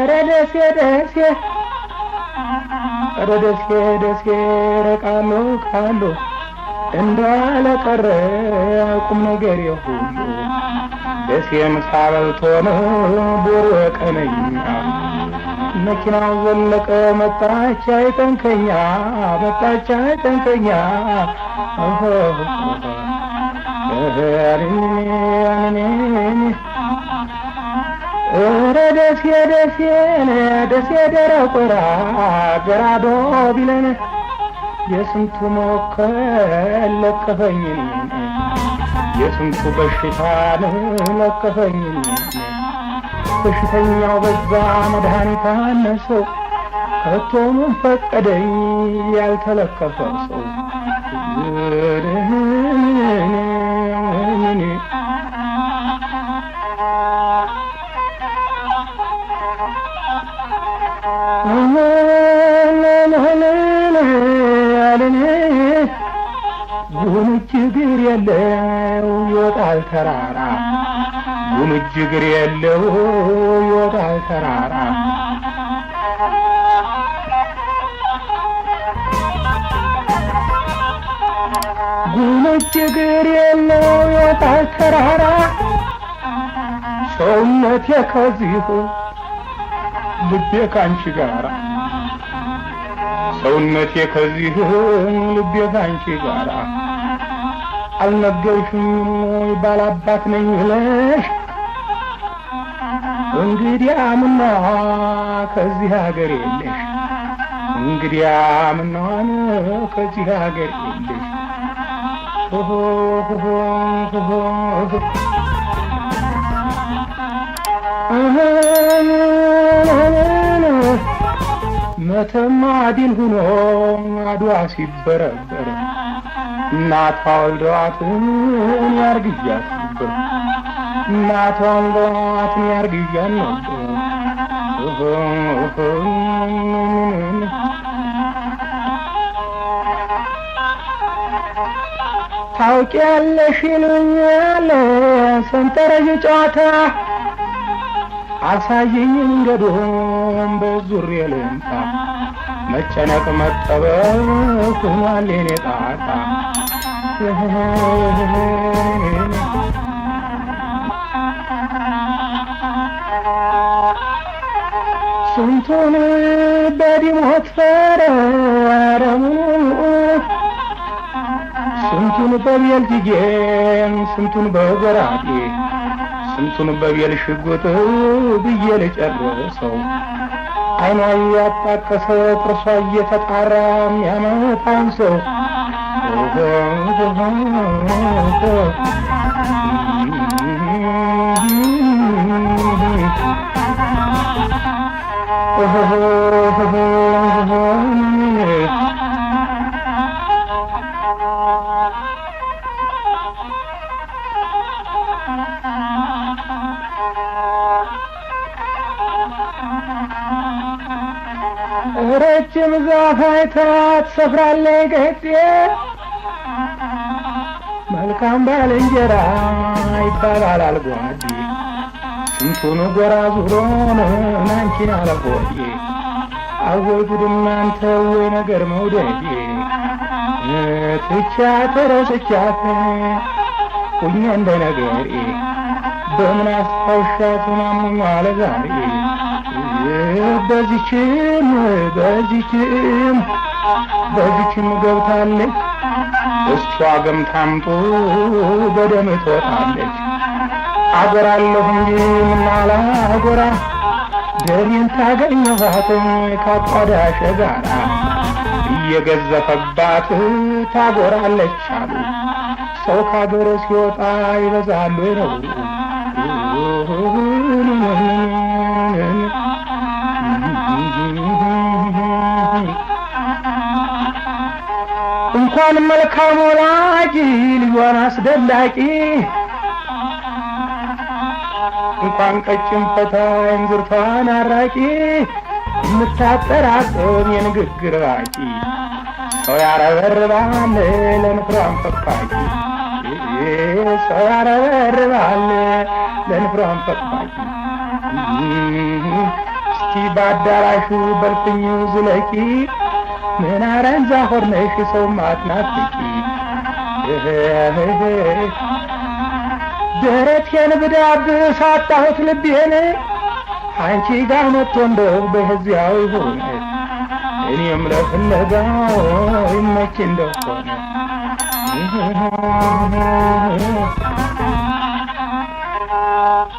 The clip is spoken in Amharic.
ኧረ ደሴ ደሴ ኧረ ደሴ ደሴ ኧረ ቃሉ እንዳለቀረ ቁም ነገር ሁሉ ደሴ ምሳ በልቶ ነው ቦሮ መኪናው ዘለቀ መጣች አይጠንከኛ መጣች አይጠንከኛ ኦሆ ደሴ ደሴን ደሴ ደረቆራ ገራዶ ቢለን የስንቱ መወከል ለቀፈኝን የስንቱ በሽታን ለቀፈኝን በሽተኛው በዛ መድኃኒት አነሰው ከቶ ፈቀደኝ ያልተለከፈው ሰው እግር የለው ይወጣል ተራራ ጉምጅ እግር የለው ይወጣል ተራራ ጉምጅ እግር የለው ይወጣል ተራራ ሰውነቴ ከዚሁ ልቤ ካንቺ ጋራ ሰውነቴ ከዚህ ልቤ ካንቺ ጋራ አልነገርሽም ወይ ባላባት ነኝ ብለሽ እንግዲህ አምና ከዚህ ሀገር የለሽ እንግዲህ አምና ከዚህ ሀገር የለሽ ሆሆ መተማ አዲል ሁኖ አድዋ ሲበረበረ እናቷ ወልደዋትን ያርግዣት ነበር። እናቷ ወልደዋትን ያርግዣት ነበር። ታውቂያለሽ ይሉኛል ሰንጠረዥ ጨዋታ አሳየኝ መንገዱን በዙሬ ልምጣ መጨነቅ መጠበብ ሆኗል የኔ ጣጣ። ስንቱን በዲሞት ፈረሙ ስንቱን በቤልጅጌም ስንቱን በጎራዴ ስንቱን በቤል ሽጉጥ ብዬ ልጨርሰው አይኗን እያጣቀሰ ጥርሷ እየተጣራ የሚያመጣን ሰው Thank you. ረጅም ዛፍ አይታ ትሰፍራለች ገጤ መልካም ባልንጀራ ይባላል አልጓዴ፣ ስንቱን ጎራ ዙሮ ነው ናንቺን አለጎዴ አወይ ጉድ እናንተ ወይ ነገር መውደዴ ትቻ ረስቻት ቁኜ እንደ ነገሬ በምን አስታውሻቱን አሙኛ አለዛሬ በዚችም በዚችም በዚችም ገብታለች እሷ ገምታምጡ በደም ትወጣለች። አጎራለሁ እንጂ ምናላ አጎራ ደሬን ታገኘኋት ካቋዳሸ ጋራ እየገዘፈባት ታጎራለች አሉ ሰው ካገረ ሲወጣ ይበዛሉ ነው እንኳን መልካም ወላጅ ልጇን አስደላቂ እንኳን ቀጭን ፈታኝ ዝርቷን አራቂ የምታጠራቅም የንግግር አቂ ሰው ያረበርባል ለንፍሯን ፈፋቂ ሰው ያረበርባል ለንፍሯን ፈፋቂ እስቲ በአዳራሹ በልፍኙ ዝለቂ ምን አረንዛ ሆርነሽ ሰው ማትናፍቂ ደረቴን ብዳብስ አጣሁት ልቤን አንቺ ጋር መጥቶ እንደው በዚያው ይሁን እኔም ለፍለጋው ይመች እንደሆነ Thank